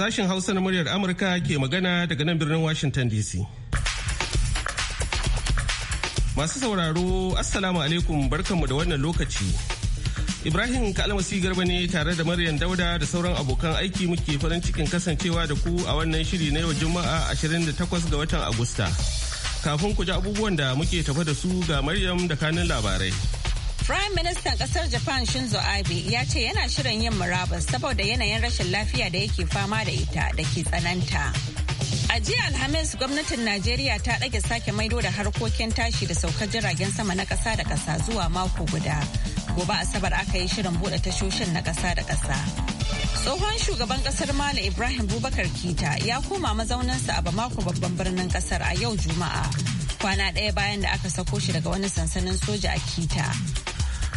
Sashen Hausa na muryar Amurka ke magana daga nan birnin Washington DC. Masu sauraro, Assalamu alaikum barkanmu da wannan lokaci. Ibrahim Kalmasi Garba ne tare da Maryam Dauda da sauran abokan aiki muke farin cikin kasancewa da ku a wannan shiri na yau Juma'a 28 ga watan Agusta. Kafin ku ji abubuwan da muke tafa da su ga Maryam da kanin labarai. Prime Minister kasar Japan Shinzo Abe ya ce yana shirin yin murabus saboda yanayin rashin lafiya da yake fama da ita da ke tsananta. A jiya Alhamis gwamnatin Najeriya ta ɗage sake maido da harkokin tashi da saukar jiragen sama na ƙasa da ƙasa zuwa mako guda. Gobe Asabar aka yi shirin buɗe tashoshin na ƙasa da ƙasa. Tsohon shugaban ƙasar Mali Ibrahim Bubakar Kita ya koma mazauninsa a Bamako babban birnin ƙasar a yau Juma'a. Kwana ɗaya bayan da aka sako shi daga wani sansanin soja a Kita.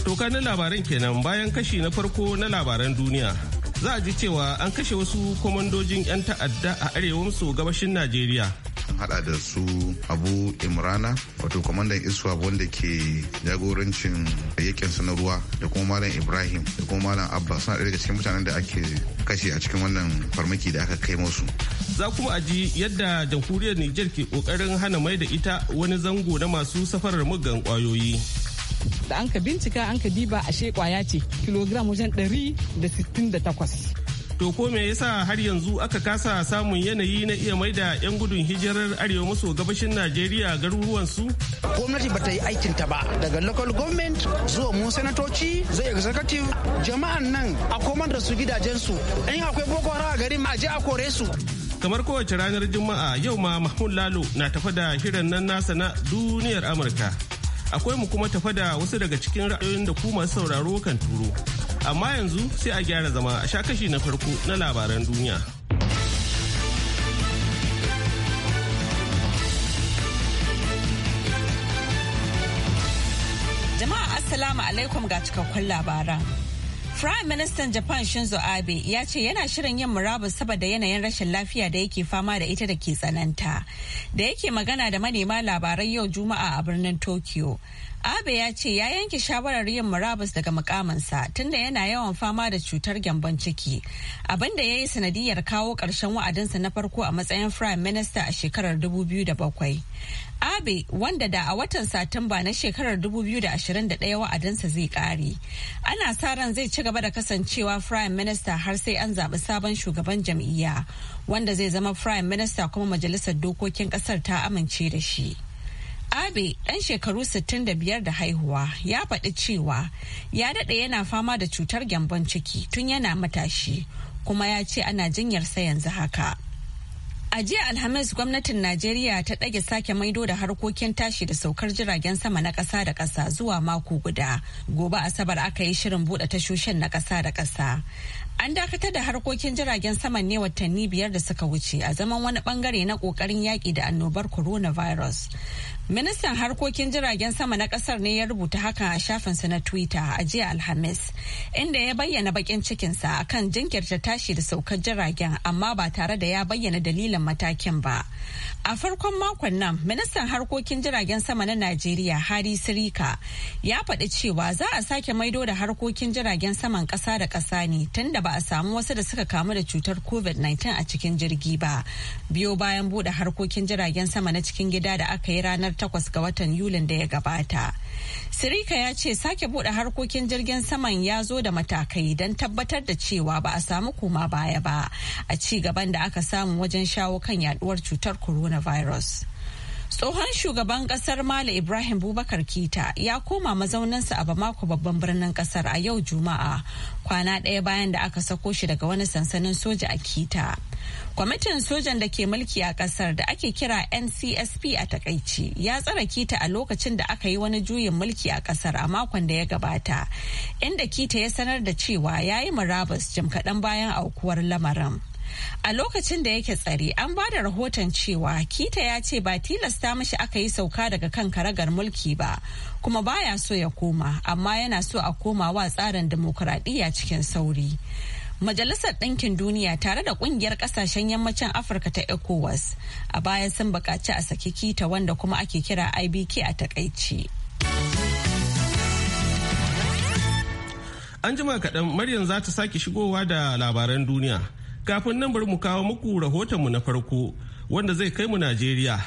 Toka na labaran kenan bayan kashi na farko na labaran duniya. Za a ji cewa an kashe wasu komandojin 'yan ta'adda a arewa maso gabashin Najeriya. An hada da su Abu Imrana, wato kwamandan iswa wanda ke jagorancin yakinsa na ruwa da kuma Malam Ibrahim da kuma Malam Abba suna daga cikin mutanen da ake kashe a cikin wannan farmaki da aka kai musu. Za kuma a ji yadda jamhuriyar Nijar ke kokarin hana mai da ita wani zango na masu safarar muggan kwayoyi. da an ka bincika an ka diba ashe kwaya ce kilogram wajen 168 to ko me yasa har yanzu aka kasa samun yanayi na iya maida 'yan gudun hijirar arewa maso gabashin najeriya garuruwan su. gwamnati ba ta yi ta ba daga local government zuwa mu sanatoci zai executive jama'an nan a komar da su gidajensu in akwai boko haram a garin ma je a kore su kamar kowace ranar juma'a yau ma mahmud lalo na tafa da shirin nan nasa na duniyar amurka akwai mu kuma tafa da wasu daga cikin ra'ayoyin da ku masu sauraro kan turo amma yanzu sai a gyara zama a sha kashi na farko na labaran duniya jama'a assalamu alaikum ga cikakkun labaran Prime Minister Japan Shinzo Abe ya ce yana shirin yin murabus saboda yanayin rashin lafiya da yake fama da ita da ke tsananta. Da yake magana da manema labarai yau Juma'a a birnin Tokyo. Abe ya ce ya yanke shawarar yin murabus daga mukaminsa tunda yana yawan fama da cutar gyambon ciki. Abin da ya yi sanadiyar kawo ƙarshen wa'adinsa na farko a matsayin Prime Minister a shekarar 2007. Abe wanda da a watan Satumba na shekarar 2021 wa'adinsa zai kare. Ana sa ran zai ci gaba da kasancewa Prime Minister har sai an zaɓi sabon shugaban jam'iyya wanda zai zama Prime Minister kuma majalisar dokokin ƙasar ta amince da shi. Abe ɗan shekaru 65 da haihuwa ya faɗi cewa ya daɗe yana fama da cutar gyambon ciki tun yana matashi kuma ya ce ana jinyarsa yanzu haka. A jiya Alhamis gwamnatin Najeriya ta ɗage sake maido da harkokin tashi da saukar jiragen sama na ƙasa da ƙasa zuwa mako guda. Gobe Asabar aka yi shirin buɗe tashoshin na ƙasa da ƙasa. An dakatar da harkokin jiragen sama ne watanni biyar da suka wuce a zaman wani bangare na ƙoƙarin yaƙi da annobar coronavirus. Ministan harkokin jiragen sama na kasar ne ya rubuta hakan a shafinsa na Twitter a jiya Alhamis, inda ya bayyana bakin cikinsa akan jinkirta tashi da saukar jiragen amma ba tare da ya bayyana dalilin matakin ba. A farkon makon nan, ministan harkokin jiragen sama na Najeriya Hari Sirika ya faɗi cewa za a sake maido da harkokin jiragen saman ƙasa da ƙasa ne tunda ba a samu wasu da suka kamu da cutar COVID-19 a cikin jirgi ba. Biyo bayan buɗe harkokin jiragen sama na cikin gida da aka yi ranar takwas ga watan Yulin da ya gabata. Sirika ya ce sake buɗe harkokin jirgin saman ya zo da matakai don tabbatar da cewa ba a samu koma baya ba a ci gaban da aka samu wajen shawo kan yaduwar cutar coronavirus. Tsohon shugaban kasar Mali Ibrahim Bubakar Kita ya koma mazauninsa a Bamako babban birnin kasar a yau Juma'a kwana ɗaya bayan da aka sako shi daga wani sansanin soja a Kita. Kwamitin sojan da ke mulki a kasar da ake kira NCSP a takaici ya tsara Kita a lokacin da aka yi wani juyin mulki a kasar a makon da ya gabata, inda Kita ya sanar da cewa ya yi murabus jim kaɗan bayan aukuwar lamarin. A lokacin da yake tsare an ba da rahoton cewa Kita ya ce ba tilasta mashi aka yi sauka daga kan karagar mulki ba kuma baya so ya koma amma yana so a koma wa tsarin dimokuraɗiyya cikin sauri. Majalisar Ɗinkin Duniya tare da ƙungiyar ƙasashen yammacin Afirka ta ECOWAS a baya sun buƙaci a saki kita wanda kuma ake kira IBK a takaici. An jima kaɗan Maryam za ta sake shigowa da labaran duniya. kafin nan bari mu kawo muku rahotonmu na farko wanda zai kai mu najeriya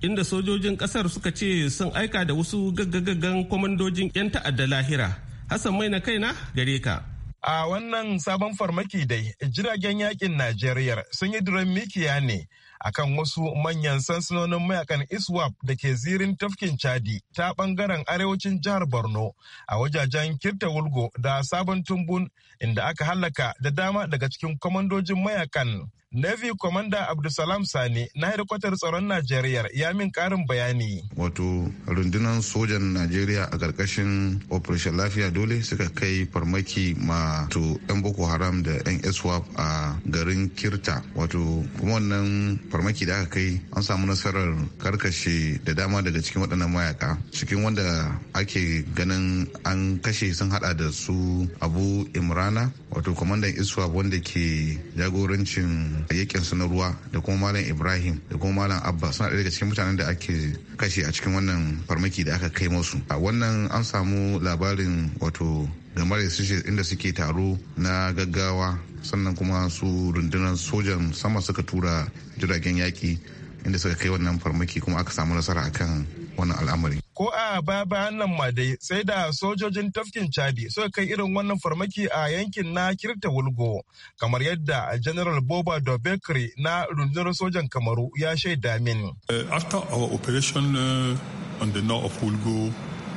inda sojojin kasar suka ce sun aika da wasu gaggagaggan kwamandojin 'yan ta'adda lahira hassan mai na kai na, gare ka a wannan sabon farmaki dai jiragen yakin najeriya sun yi duran mikiya ne akan wasu manyan sansanonin mayakan iswap da ke zirin tafkin chadi ta bangaren arewacin jihar borno a wajajen kirta wulgo da sabon tumbun inda aka hallaka da dama daga cikin kwamandojin mayakan. Navy Commander Abdulsalam Sani na hedikwatar tsaron Najeriya ya min karin bayani. Wato rundunar sojan Najeriya a ƙarƙashin Operation Lafiya Dole suka kai farmaki ma to 'yan Boko Haram da 'yan SWAP a garin Kirta. Wato kuma wannan farmaki da aka kai an samu nasarar karkashe da dama daga cikin waɗannan mayaka. Cikin wanda ake ganin an kashe sun hada da su Abu Imran rana wato kwamandan iswa wanda ke jagorancin yakin na ruwa da kuma malam ibrahim da kuma malam abba suna daga cikin mutanen da ake kashe a cikin wannan farmaki da aka kai musu a wannan an samu labarin wato game da su inda suke taro na gaggawa sannan kuma su rundunar sojan sama suka tura jiragen yaƙi inda suka kai wannan farmaki kuma aka samu nasara akan wannan al'amari ko a baya bayan nan ma dai sai da sojojin tafkin chadi suka kai irin wannan farmaki a yankin na kirta wulgo kamar yadda general boba bakery na rundunar sojan kamaru ya shaida min eh, after our operation uh, on the north of wulgo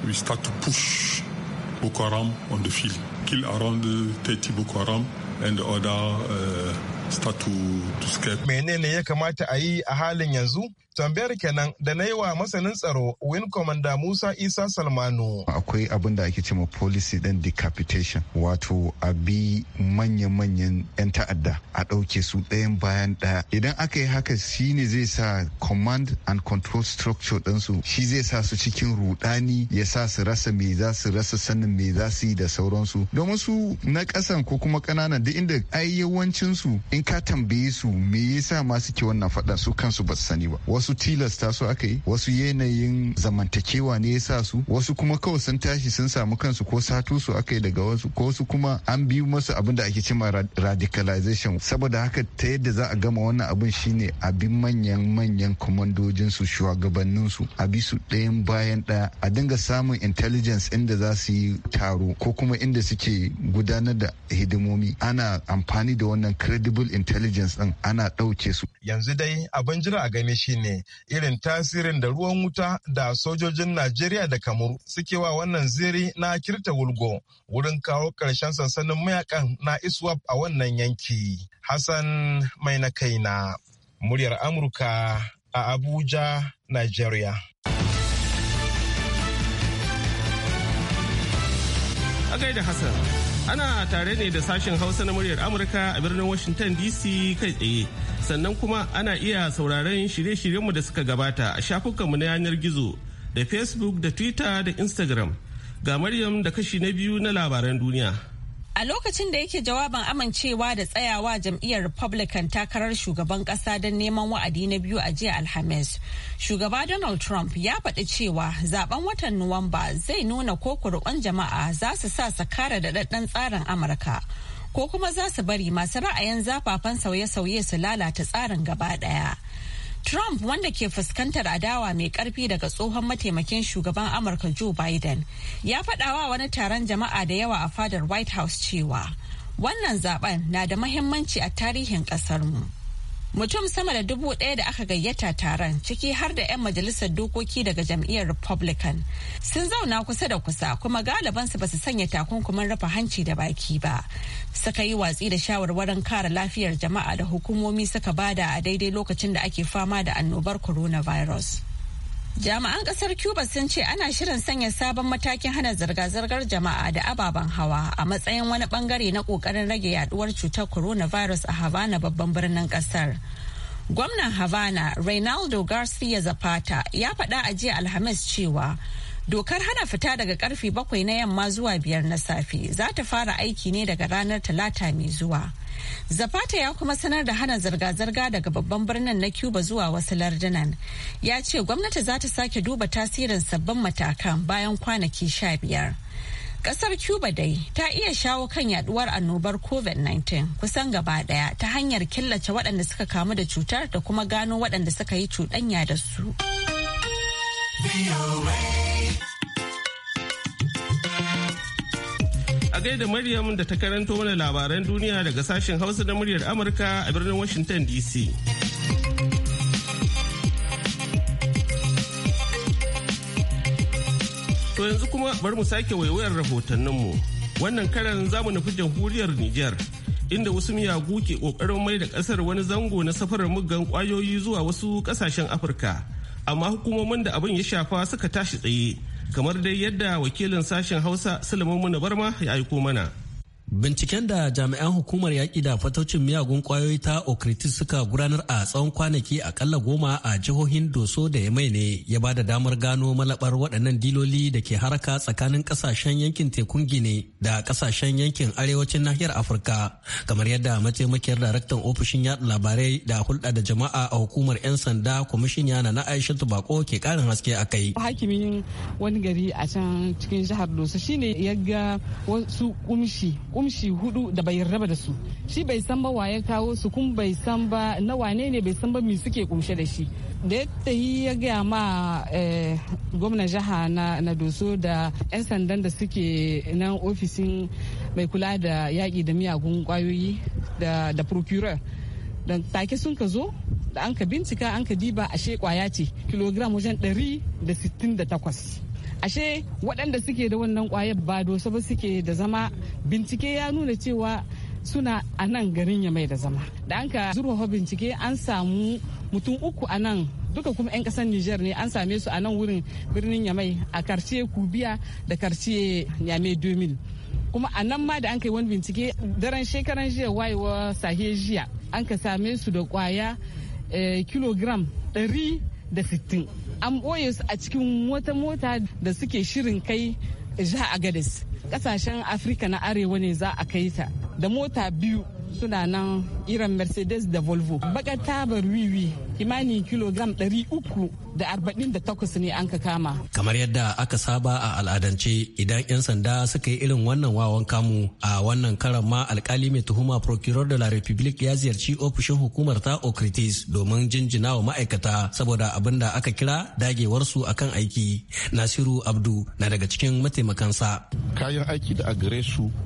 we start to push boko haram on the field kill around 30 eh, boko haram and other start to, to menene ya kamata a yi a halin yanzu tambayar kenan da na yi wa masanin tsaro win commander musa isa salmanu akwai abin da ake cewa policy din decapitation wato a bi manya-manyan 'yan ta'adda a ɗauke su ɗayan bayan ɗaya idan aka yi haka shi ne zai sa command and control structure ɗinsu shi zai sa su cikin rudani ya sa su rasa me za su rasa sanin me za su yi da sauransu domin su na ƙasan ko kuma ƙanana duk inda ai yawancinsu in ka tambaye su me yasa ma suke wannan faɗa su kansu ba su sani ba wasu tilasta su aka yi wasu yanayin zamantakewa ne ya sa su wasu kuma kawai sun tashi sun samu kansu ko satu su aka yi daga wasu ko su kuma an biyu masu abin da ake cima radicalization saboda haka ta yadda za a gama wannan abin shine bi manyan manyan kwamandojin su shugabannin su a bi su ɗayan bayan ɗaya a dinga samun intelligence inda za su yi taro ko kuma inda suke gudanar da hidimomi ana amfani da wannan credible intelligence din ana ɗauke su yanzu dai abin jira a game shine irin tasirin da ruwan wuta da sojojin Najeriya da Kamuru suke wa wannan ziri na kirta wulgo wurin kawo ƙarshen sansanin mayakan na ISWAP a wannan yanki. Hassan mai na kaina, muryar Amurka a Abuja, Najeriya. Agai gaida Hassan. Ana tare ne da sashen Hausa na muryar Amurka a birnin Washington DC kai tsaye. Sannan kuma ana iya sauraron shirye-shiryenmu da suka gabata a shafukanmu na yanar gizo da Facebook da Twitter da Instagram. Ga Maryam da kashi na biyu na labaran duniya. A lokacin da yake jawaban amincewa da tsayawa jam'iyyar Republican takarar shugaban kasa don neman wa'adi na biyu a jiya Alhamis, shugaba Donald Trump ya faɗi cewa zaben watan Nuwamba zai nuna ko kuri'un jama'a za su sa sakara da daɗaɗɗen tsarin Amurka, ko kuma za su bari masu ra'ayin zafafan sauye-sauye su lalata tsarin gaba ɗaya. Trump wanda ke fuskantar adawa mai karfi daga tsohon mataimakin shugaban Amurka Joe Biden ya faɗawa wani taron jama'a da yawa a fadar White House cewa wannan zaben na da mahimmanci a tarihin ƙasarmu. mu. mutum sama da dubu ɗaya da aka gayyata taron ciki har da 'yan majalisar dokoki daga jam'iyyar republican sun zauna kusa da kusa kuma galibansu ba su sanya takunkumin rufe hanci da baki ba suka yi watsi da shawarwarin kare lafiyar jama'a da hukumomi suka bada a daidai lokacin da ake fama da annobar coronavirus. Jami'an kasar Cuba sun ce ana shirin sanya sabon matakin hana zirga-zirgar jama'a da ababen hawa a matsayin wani bangare na kokarin rage yaduwar cutar coronavirus a Havana babban birnin kasar. Gwamnan Havana Reynaldo Garcia Zapata ya faɗa a jiya Alhamis cewa Dokar hana fita daga karfe bakwai na yamma zuwa biyar na safe za ta fara aiki ne daga ranar talata mai zuwa. Zapata ya kuma sanar da hana zirga-zirga daga babban birnin na Cuba zuwa wasu lardunan. Ya ce gwamnati za ta sake duba tasirin sabbin matakan bayan kwanaki sha biyar. Kasar Cuba dai ta iya shawo kan yaduwar annobar COVID-19 kusan gaba daya ta hanyar killace waɗanda suka kamu da cutar da kuma gano waɗanda suka yi cuɗanya da su. A gaida Maryam da ta karanto mana labaran duniya daga sashen Hausa na muryar Amurka a birnin Washington DC. To yanzu kuma bari mu sake waiwayar rahotanninmu. Wannan karan zamu nufi jamhuriyar Nijar. inda wasu miyagu ke kokarin mai da kasar wani zango na safarar muggan kwayoyi zuwa wasu kasashen afirka amma hukumomin da abin ya shafa suka tashi tsaye kamar dai yadda wakilin sashen hausa sulaiman barma ya aiko mana Binciken da jami'an hukumar yaƙi da fataucin miyagun ƙwayoyi ta Okritis suka gudanar a tsawon kwanaki akalla goma a jihohin Doso da ya ne ya ba da damar gano malabar waɗannan diloli da ke haraka tsakanin ƙasashen yankin tekun Gine da ƙasashen yankin arewacin nahiyar Afirka. Kamar yadda mataimakiyar daraktan ofishin yaɗa labarai da hulɗa da jama'a a hukumar 'yan sanda kwamishin yana na Aisha Bako ke ƙarin haske a kai. Hakimin wani gari a can cikin jihar Doso shine ya ga wasu kumshi kumshi hudu da bai yarda da su shi bai san ba waye kawo su kun bai san ba na wane ne bai san ba mi suke kumshe da shi da yadda yi ya gaya ma eh, gwamnan jiha na doso da 'yan sandan da suke nan ofisin mai kula da yaƙi da miyagun kwayoyi da procurer don take sun ka zo da an ka bincika an ka diba ashe kwaya ce kilogram wajen 168 ashe waɗanda suke da wannan ƙwayar ba dosa ba suke da zama bincike ya nuna cewa suna a nan garin ya mai da zama da an ka zurfafa bincike an samu mutum uku a nan duka kuma 'yan kasar Nijar ne an same su a nan wurin birnin Yamai a karshe Kubiya da karciye Yamai domin Kuma a nan ma da an kai wani bincike daren shekaran jiya wayewa sahe jiya an ka same su da kwaya eh, kilogram 160. an ɓoye su a cikin wata mota da suke shirin kai jiha agadis kasashen afirka na arewa ne za a kai ta da mota biyu suna nan irin mercedes da volvo baka tabar wiwi kimanin kilogram 300 da takwas ne an ka kama kamar yadda aka saba a al'adance idan 'yan sanda suka yi irin wannan wawan kamu a wannan karan ma alkali mai tuhuma procureur de la republique ya ziyarci ofishin hukumar ta okritis domin jinjina wa ma'aikata saboda abin da aka kira dagewarsu akan aiki nasiru abdu na daga cikin mataimakansa kayan aiki da a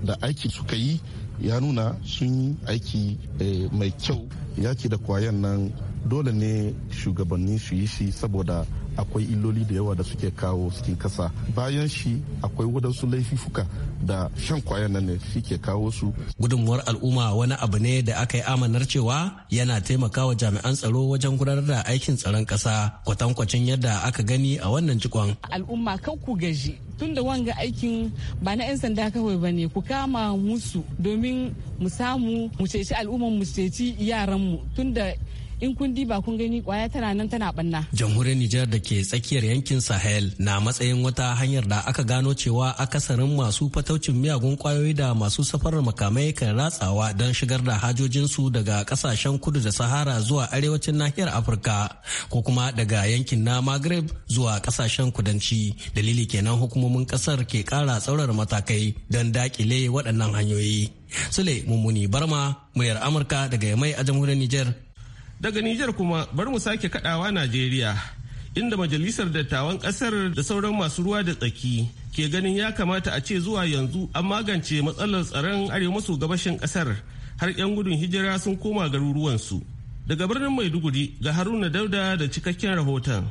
da aiki suka yi ya nuna sun yi aiki eh, mai kyau yaki da kwayan nan dole ne shugabanni su yi shi saboda akwai illoli da yawa da suke kawo cikin kasa bayan shi akwai wadansu laififuka da shan kwayan nan ne ke kawo su gudunmuwar al'umma wani abu ne da aka yi amanar cewa yana taimakawa jami'an tsaro wajen gudanar da aikin tsaron kasa kwatankwacin yadda aka gani a wannan cikon al'umma kan ku gaji tun da wanga aikin ba na 'yan sanda kawai ba ne ku kama musu domin mu samu mu ceci al'umman mu ceci yaranmu tun da in kun diba kun gani kwaya tana nan tana banna. Jamhuriyar Nijar da ke tsakiyar yankin Sahel na matsayin wata hanyar da aka gano cewa akasarin masu fataucin miyagun kwayoyi da masu safarar makamai kan ratsawa don shigar da hajojinsu daga kasashen kudu da Sahara zuwa arewacin nahiyar Afirka ko kuma daga yankin na Maghreb zuwa kasashen kudanci. Dalili kenan hukumomin kasar ke kara tsaurar matakai don dakile waɗannan hanyoyi. Sule Mummuni Barma, muryar Amurka daga Yamai a jamhuriyar Nijar. Daga Nijar kuma bar mu sake kadawa Najeriya inda majalisar dattawan kasar da sauran masu ruwa da tsaki ke ganin ya kamata a ce zuwa yanzu an magance matsalar tsaron arewa maso gabashin kasar har 'yan gudun hijira sun koma garuruwansu. Daga birnin Maiduguri ga Haruna Dauda da cikakken rahoton.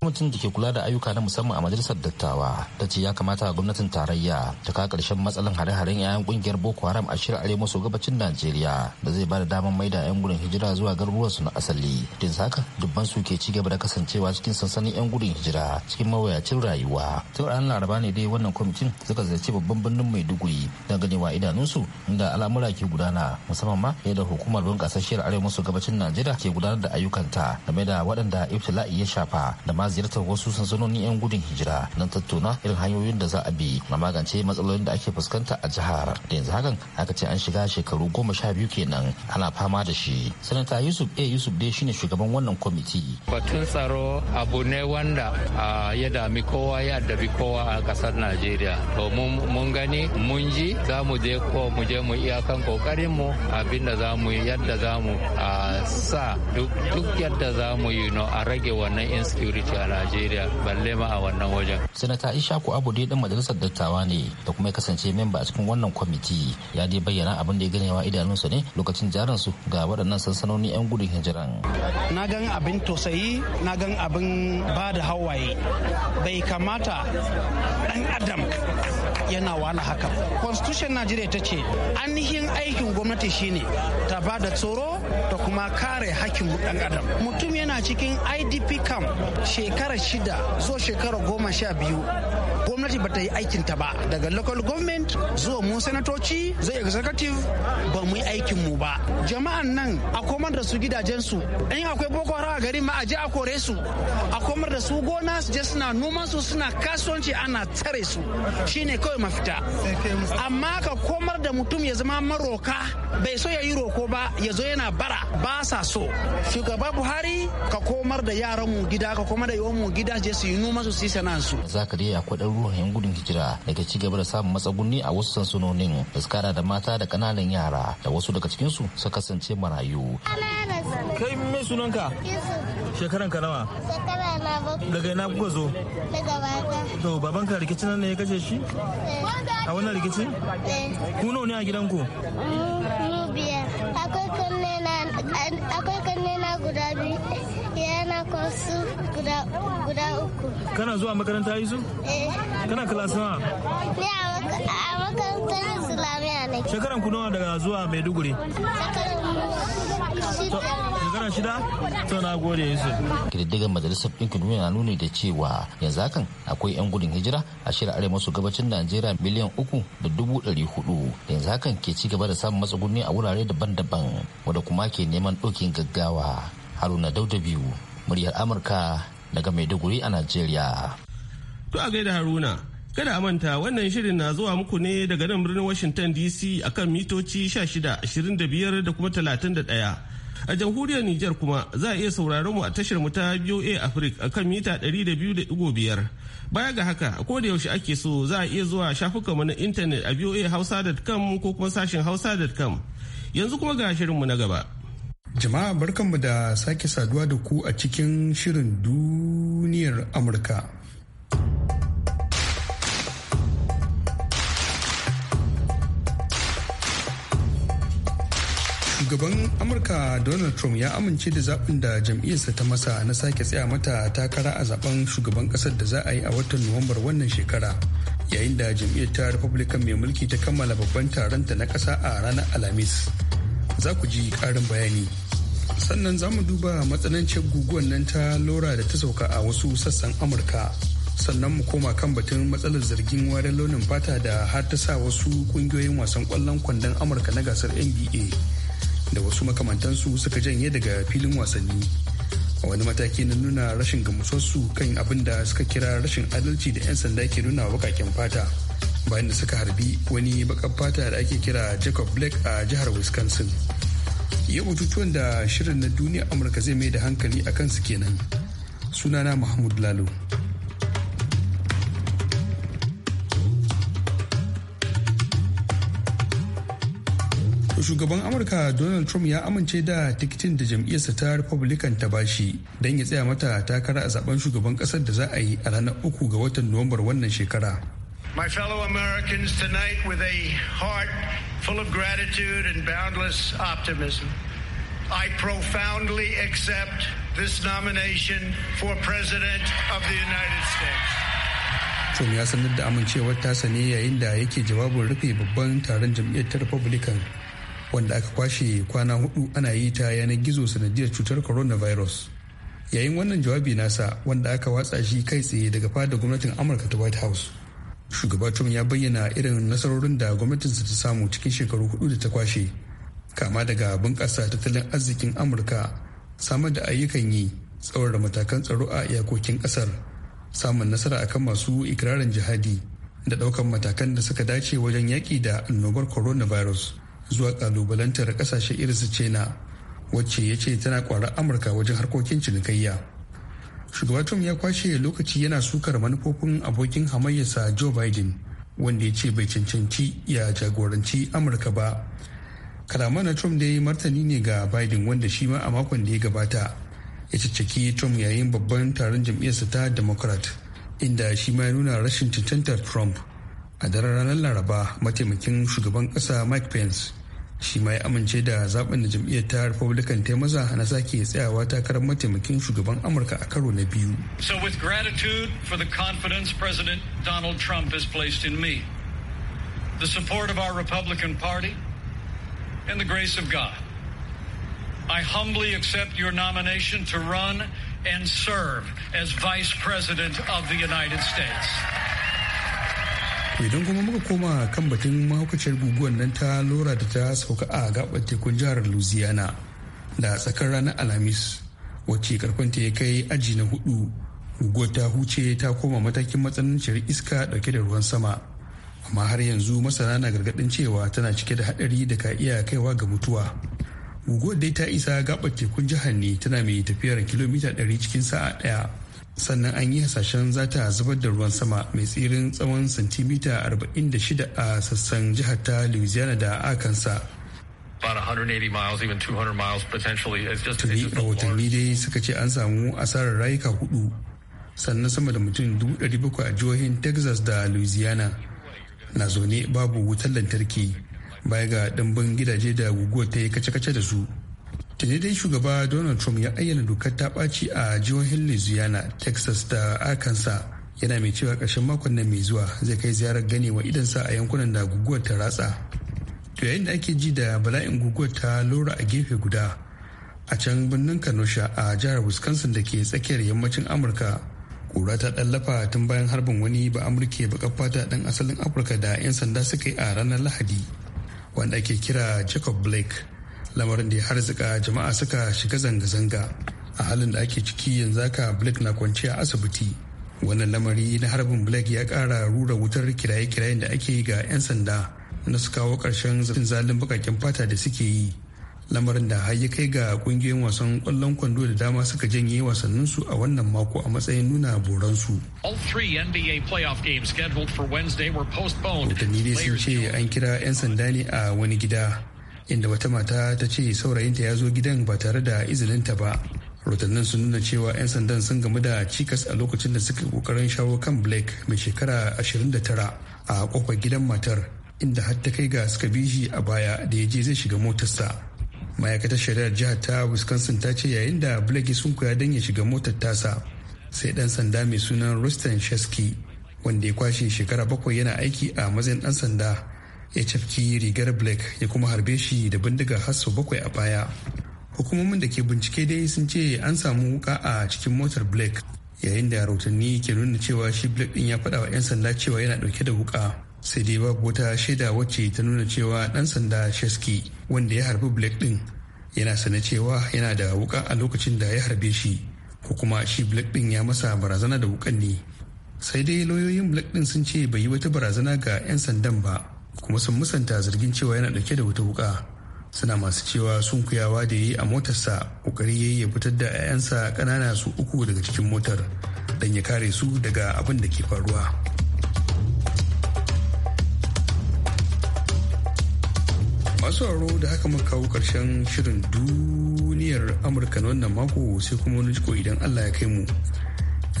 mutum da ke kula da ayyuka na musamman a majalisar dattawa ta ce ya kamata gwamnatin tarayya ta kawo ƙarshen matsalan hare-haren 'ya'yan ƙungiyar boko haram a shirin arewa maso gabacin najeriya da zai ba da damar maida 'yan gudun hijira zuwa garuruwansu na asali din haka dubban su ke cigaba da kasancewa cikin sansanin 'yan gudun hijira cikin mawuyacin rayuwa tun ranar laraba ne dai wannan kwamitin suka ziyarci babban birnin maiduguri don ganewa idanunsu inda al'amura ke gudana musamman ma yadda hukumar bunƙasa shirin arewa maso gabacin najeriya ke gudanar da ayyukanta game da waɗanda ibtila'i ya shafa da ma ziyartar wasu sansanoni 'yan gudun hijira don tattauna irin hanyoyin da za a bi na magance matsalolin da ake fuskanta a jihar da yanzu hakan aka ce an shiga shekaru goma sha biyu kenan ana fama da shi sanata yusuf a yusuf dai shine shugaban wannan kwamiti batun tsaro abu ne wanda ya dami kowa ya addabi kowa a kasar najeriya to mun gani mun ji za mu je ko mu je mu iyakan kokarin mu abinda za mu yi yadda za mu sa duk yadda za mu yi no a rage wannan insecurity ga a Najeriya balle ma a wannan wajen. Sanata Ishaku Abu dai dan majalisar dattawa ne da kuma ya kasance memba a cikin wannan kwamiti ya dai bayyana abin da ya ganewa idanunsa ne lokacin jaran su ga waɗannan sansanoni 'yan gudun hijiran. Na gan abin tausayi na gan abin ba da hawaye bai kamata ɗan adam yana wahala haka constitution najeriya ta ce ainihin aikin gwamnati shine ta ba da tsoro da kuma kare hakkin dan adam mutum yana cikin idp camp shekara shida zo shekara goma sha biyu gwamnati ba ta yi aikin ta ba daga local government zuwa mu sanatoci zai executive ba mu yi aikin mu ba jama'an nan a komar da su gidajen su in akwai boko haram a gari ma a je a kore su a komar da su gona su je suna noman su suna kasuwanci ana tsare su shine kawai mafita amma ka komar da mutum ya zama maroka bai so ya yi roko ba ya zo yana bara ba sa so shugaba buhari ka komar da yaran mu gida ka komar da yawan mu gida je su yi noman su yi sana'ansu zakariya ɗaruruwan 'yan gudun hijira da ke ci gaba da samun matsagunni a wasu sansanonin da suka da mata da kananan yara da wasu daga cikinsu su kasance marayu. Kai mai sunanka? Shekaran ka nawa? Shekara na bakwai. Daga ina kuka zo? Daga baba. To baban ka rikicin nan ne ya kashe shi? A wannan rikicin. Ku nawa ne a gidanku? Mu biyar. Akwai na akwai wasu guda uku kana zuwa makaranta yi su? Eh. kana class ma? Ni a makarantar islamiyya ne shekaran ku nawa daga zuwa maiduguri? shekaran shida? to na gode yi su kididdigar majalisar ɗinkin duniya na nuni da cewa yanzu hakan akwai 'yan gudun hijira a shirin arewa maso gabacin najeriya miliyan uku da dubu ɗari hudu yanzu hakan ke ci gaba da samun matsuguni a wurare daban-daban wadda kuma ke neman ɗokin gaggawa haruna dauda biyu muryar Amurka daga Maiduguri a nigeria. To a gaida Haruna, kada a manta wannan shirin na zuwa muku ne daga nan birnin Washington DC akan mitoci 16, 25 da kuma 31. a jamhuriyar Nijar kuma za a iya sauraron mu a tashar mu ta BOA Africa kan mita 200.5 baya ga haka ko da yaushe ake so za a iya zuwa shafukan mu na intanet a hausa.com ko kuma sashin hausa.com yanzu kuma ga shirin na gaba Jama'a barkanmu da sake saduwa da ku a cikin shirin duniyar Amurka. Shugaban Amurka Donald Trump ya amince da zaɓin da jam'iyyarsa ta masa na sake tsaya mata takara a zaben shugaban ƙasar da za a yi a watan Nuwambar wannan shekara. Yayin da jam'iyyar ta Republican mai mulki ta kammala babban taronta na ƙasa a ranar Alhamis. Za ku ji ƙarin bayani. sannan za mu duba matsanancin guguwan nan ta lora da ta sauka a wasu sassan amurka sannan mu koma kan batun matsalar zargin warin launin fata da har ta sa wasu kungiyoyin wasan kwallon kwandon amurka na gasar nba da wasu makamantansu suka janye daga filin wasanni a wani mataki na nuna rashin gamsuwarsu kan abin da suka kira rashin adalci da 'yan sanda ke nuna bakakin fata bayan da suka harbi wani bakan fata da ake kira jacob blake a jihar wisconsin yau batutuwan da shirin na duniya amurka zai mai da hankali a kansu kenan sunana mahmud lalo shugaban amurka donald trump ya amince da tikitin da jam'iyyarsa ta republican ta bashi don ya tsaya mata takara a zaben shugaban kasar da za a yi a ranar uku ga watan nuwambar wannan shekara My fellow Americans, tonight with a heart full of gratitude and boundless optimism, I profoundly accept this nomination for President of the United States. Trump ya sanar da amincewar tasa ne yayin da yake jawabin rufe babban taron jam'iyyar ta Republican wanda aka kwashe kwana hudu ana yi ta yanar gizo sanadiyar cutar coronavirus. Yayin wannan jawabi nasa wanda aka watsa shi kai tsaye daga fadar gwamnatin Amurka ta White House. shugaba trump ya bayyana irin nasarorin da gwamnatinsa ta samu cikin shekaru hudu da ta kwashe kama daga bunƙasa tattalin arzikin amurka samar da ayyukan yi tsawar matakan tsaro a iyakokin ƙasar samun nasara akan masu ikirarin jihadi da ɗaukan matakan da suka dace wajen yaƙi da annobar coronavirus zuwa ƙalubalantar ƙasashe irin su china wacce ya ce tana ƙwarar amurka wajen harkokin cinikayya shugaba trump ya kwashe lokaci yana sukar manufofin abokin hamayyarsa joe biden wanda ya ce bai cancanci ya jagoranci amurka ba kalama na trump dai martani ne ga biden wanda shi ma a makon da ya gabata ya cicciki trump yayin babban taron jam'iyyarsa ta democrat inda shi ma ya nuna rashin cancantar trump a daren ranar laraba mataimakin shugaban kasa mike pence shi ma ya amince da zaben da jam'iyyar ta republican ta maza na sake tsayawa takarar mataimakin shugaban amurka a karo na biyu so with gratitude for the confidence president donald trump has placed in me the support of our republican party and the grace of god i humbly accept your nomination to run and serve as vice president of the united states idan kuma muka koma kan batun mahaukaciyar guguwar nan ta lura da ta sauka a gabar tekun jihar louisiana da tsakar ranar alhamis wacce karfanta ya kai aji na hudu guguwar ta huce ta koma matakin matsananciyar iska dauke da ruwan sama amma har yanzu masana na gargadin cewa tana cike da hadari da ka iya kaiwa ga mutuwa guguwar dai ta isa gabar tekun jihar ne tana mai tafiyar kilomita 100 cikin sa'a daya sannan an yi hasashen zata zubar da ruwan sama mai tsirin tsawon santimita 46 a sassan jihar ta louisiana da akansa tuni watanni dai suka ce an samu asarar rayuka hudu sannan sama da mutum 700 a jihohin texas da louisiana na zaune babu wutar lantarki baya ga dambun gidaje da guguwar ta yi kace-kace da su tuni dai shugaba donald trump ya ayyana dokar ta ɓaci a jihohin louisiana texas da arkansas yana mai cewa ƙarshen makon nan mai zuwa zai kai ziyarar ganewa idansa a yankunan da guguwar ta ratsa to yayin da ake ji da bala'in guguwar ta lura a gefe guda a can birnin kanosha a jihar wisconsin da ke tsakiyar yammacin amurka kura ta ɗallafa tun bayan harbin wani ba amurke ba fata ɗan asalin afirka da 'yan sanda suka yi a ranar lahadi wanda ake kira jacob blake lamarin da ya harzika jama'a suka shiga zanga-zanga a halin da ake ciki yanzu haka blake na kwance a asibiti wannan lamari na harbin blake ya kara rura wutar kiraye-kirayen da ake yi ga 'yan sanda na su kawo ƙarshen zalin bakakken fata da suke yi lamarin da har ya kai ga kungiyoyin wasan kwallon kwando da dama suka janye wasannin su a wannan mako a matsayin nuna boransu. Watanni dai sun ce an kira 'yan sanda ne a wani gida inda wata mata ta ce saurayinta ya zo gidan ba tare da izininta ba rotannin sun nuna cewa 'yan sandan sun gamu da cikas a lokacin da suka kokarin shawo kan blake mai shekara 29 a kofar gidan matar inda har ta kai ga suka bi a baya da ya je zai shiga motarsa ma'aikatar shari'ar jihar ta wisconsin ta ce yayin da blake sun koya don ya shiga motar tasa sai dan sanda mai sunan rustin shesky wanda ya kwashe shekara bakwai yana aiki a matsayin dan sanda ya cafki rigar blake ya kuma harbe shi da bindiga har sau bakwai a baya hukumomin da ke bincike dai sun ce an samu wuka a cikin motar blake yayin da rahotanni ke nuna cewa shi blake din ya faɗa wa 'yan sanda cewa yana ɗauke da wuka sai dai babu wata shaida wacce ta nuna cewa ɗan sanda sheski wanda ya harbi blake din yana sane cewa yana da wuka a lokacin da ya harbe shi ko kuma shi blake din ya masa barazana da wukan ne sai dai lauyoyin blake din sun ce bai yi wata barazana ga 'yan sandan ba kuma sun musanta zargin cewa yana dauke da wata wuka suna masu cewa sun kuyawa da yi a motarsa kokari yayi ya fitar da 'ya'yansa kanana su uku daga cikin motar don ya kare su daga abin da ke faruwa masu aro da haka muka kawo karshen shirin duniyar amurka na wannan mako sai kuma wani jiko idan allah ya kai mu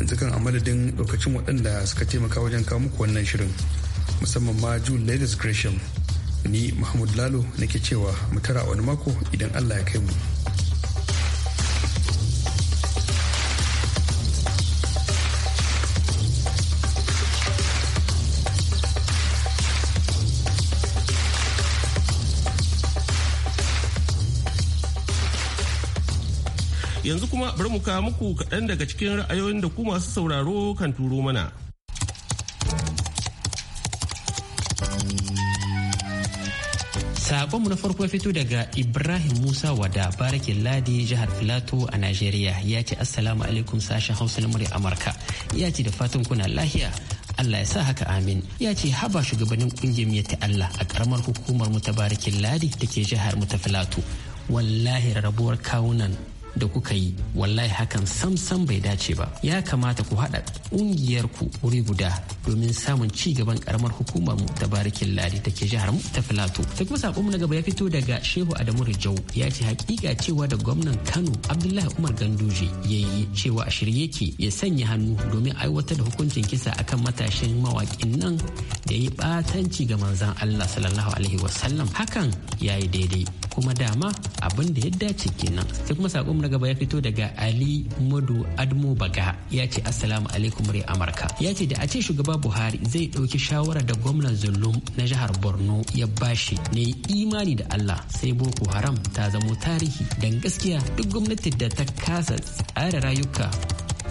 yanzu kan a madadin lokacin waɗanda suka taimaka wajen kawo muku wannan shirin musamman ma June Ladies Gresham. Ni Mahmud Lalo nake cewa mu tara wani mako idan Allah ya kai mu. yanzu kuma bari mu kawo muku kaɗan daga cikin ra'ayoyin da ku masu sauraro kan turo mana. Sakonmu na farko ya fito daga Ibrahim Musa Wada Barakin Ladi jihar Filato a Najeriya ya ce Assalamu alaikum sashen Hausa na murya Amurka ya ce da fatan kuna lahiya Allah ya sa haka amin ya ce haba shugabannin kungiyar miyati Allah a karamar hukumar mu ta Barakin Ladi da ke jihar mu ta Filato wallahi rabuwar kawunan da kuka yi wallahi hakan sam-sam bai dace ba ya kamata ku haɗa ƙungiyar ku wuri guda domin samun ci gaban karamar hukumar mu ta barikin ladi ta ke jihar mu ta filato ta kuma sakon na gaba ya fito daga shehu adamu rijau ya ce hakika cewa da gwamnan kano abdullahi umar ganduje ya yi cewa a shirye yake ya sanya hannu domin aiwatar da hukuncin kisa akan matashin mawaƙin nan da ya yi ɓatanci ga manzan allah sallallahu alaihi wasallam hakan ya yi daidai kuma dama abin da ya dace kenan sai kuma sakon na gaba ya fito daga ali madu Admo baga ya ce assalamu alaikum rai amurka ya ce da a ce shugaba buhari zai ɗauki shawara da gwamnan zulum na jihar borno ya bashi ne imani da allah sai boko haram ta zamo tarihi dan gaskiya duk gwamnati da ta kasa tsara rayuka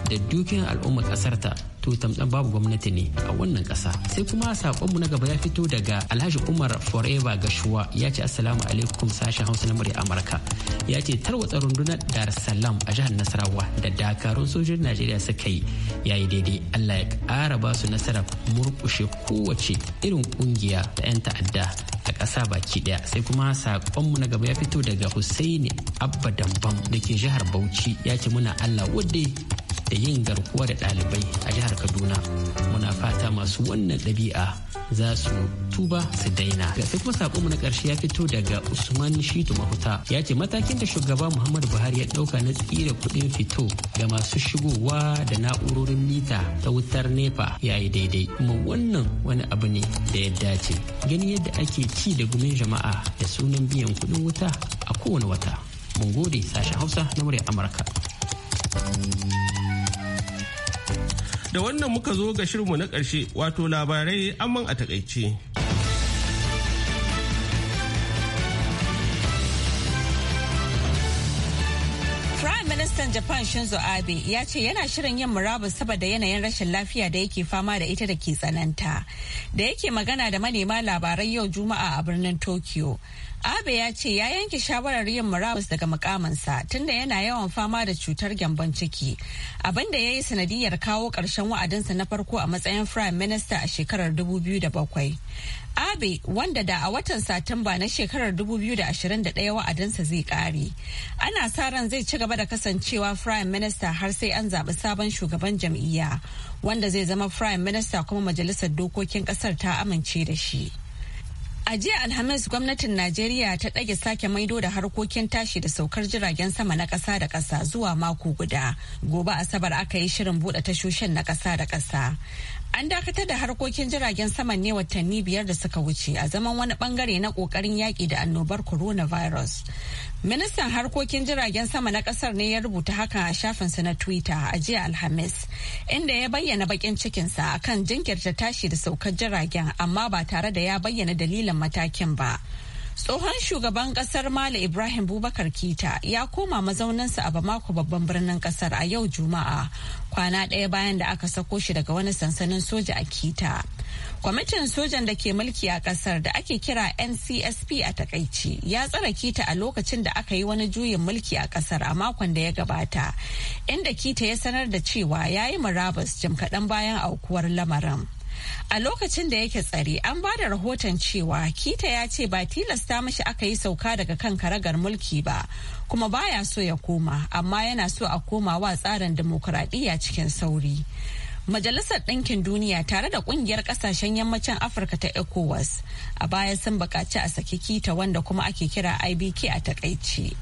da dukiyar al'ummar ƙasarta to tamdan babu gwamnati ne a wannan ƙasa sai kuma saƙonmu na gaba ya fito daga alhaji umar forever gashuwa ya ce assalamu alaikum sashen hausa na murya amurka ya ce tarwatsa rundunar dar salam a jihar nasarawa da dakarun sojojin najeriya suka yi ya yi daidai allah ya ƙara ba su nasarar murƙushe kowace irin ƙungiya ta 'yan ta'adda a ƙasa baki ɗaya sai kuma saƙonmu na gaba ya fito daga hussaini abba dambam da ke jihar bauchi ya ce muna allah wadda da yin garkuwa da ɗalibai a jihar ta kaduna muna fata masu wannan ɗabi'a za su tuba su daina sai kuma sakonmu na ƙarshe ya fito daga usman shitu mahuta ya ce matakin da shugaba muhammadu buhari ya ɗauka na tsira kuɗin fito ga masu shigowa da na'urorin mita ta wutar nepa ya yi daidai kuma wannan wani abu ne da ya dace gani yadda ake ci da gumin jama'a da sunan biyan kuɗin wuta a kowane wata mun gode sashen hausa na murya amurka thank you da wannan muka zo ga shirinmu na ƙarshe wato labarai amman a takaice. Ministan Japan Shinzo Abe ya ce yana shirin yin murabus saboda yanayin rashin lafiya da yake fama da ita da ke tsananta. Da yake magana da manema labarai yau Juma'a a birnin Tokyo. Abe ya ce ya yanke shawarar yin murabus daga mukaminsa tunda yana yawan fama da cutar gyambon ciki. Abin da ya yi sanadiyar kawo ƙarshen wa'adinsa na farko a matsayin Prime Minister a shekarar bakwai Abe wanda da a watan Satumba na shekarar 2021 wa'adinsa zai kare Ana sa ran zai ci gaba da kasance cewa prime minister har sai an zaɓi sabon shugaban jam'iyya wanda zai zama prime minister kuma majalisar dokokin ƙasar ta amince da shi a jiya alhamis gwamnatin najeriya ta ɗage sake maido da harkokin tashi da saukar jiragen sama na ƙasa da ƙasa zuwa mako guda gobe asabar aka yi shirin buɗe tashoshin na ƙasa da ƙasa An dakatar da harkokin jiragen saman ne watanni biyar da suka wuce a zaman wani bangare na kokarin yaƙi da annobar coronavirus. Ministan harkokin jiragen sama na ƙasar ne ya rubuta hakan a shafinsa na Twitter a jiya Alhamis, inda ya bayyana baƙin cikinsa akan jinkirta tashi da saukar jiragen amma ba tare da ya bayyana dalilin matakin ba. Tsohon shugaban kasar Mali Ibrahim Bubakar Kita ya koma mazauninsa a Bamako babban birnin kasar a yau Juma'a kwana ɗaya bayan da aka sako shi daga wani sansanin soja a Kita. Kwamitin sojan da ke mulki a kasar da ake kira NCSP a takaici ya tsara Kita a lokacin da aka yi wani juyin mulki a kasar a makon da ya gabata inda Kita ya sanar da cewa ya yi murabus jim kaɗan bayan aukuwar lamarin. A lokacin da yake tsare an ba da rahoton cewa Kita ya ce ba tilasta mashi aka yi sauka daga kan karagar mulki ba kuma baya so ya koma amma yana so a koma wa tsarin dimokuraɗiyya cikin sauri. Majalisar Ɗinkin Duniya tare da ƙungiyar ƙasashen yammacin Afirka ta ECOWAS a baya sun buƙaci a saki kita wanda kuma ake kira IBK a takaice.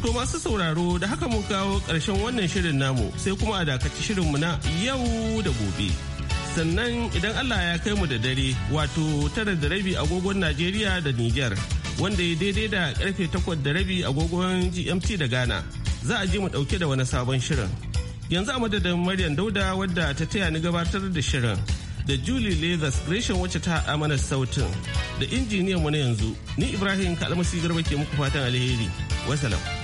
To masu sauraro da haka mun kawo ƙarshen wannan shirin namu sai kuma a dakaci shirinmu na yau da gobe. sannan idan allah ya kai mu da dare wato tara da rabi agogon najeriya da niger wanda ya daidai da karfe takwas da rabi agogon gmt da ghana za a je mu dauke da wani sabon shirin yanzu a madadin maryam dauda wadda ta taya ni gabatar da shirin da julie leathers gresham wacce ta amana sautin da injiniyan mu na yanzu ni ibrahim kalmasi garba ke muku fatan alheri wasalam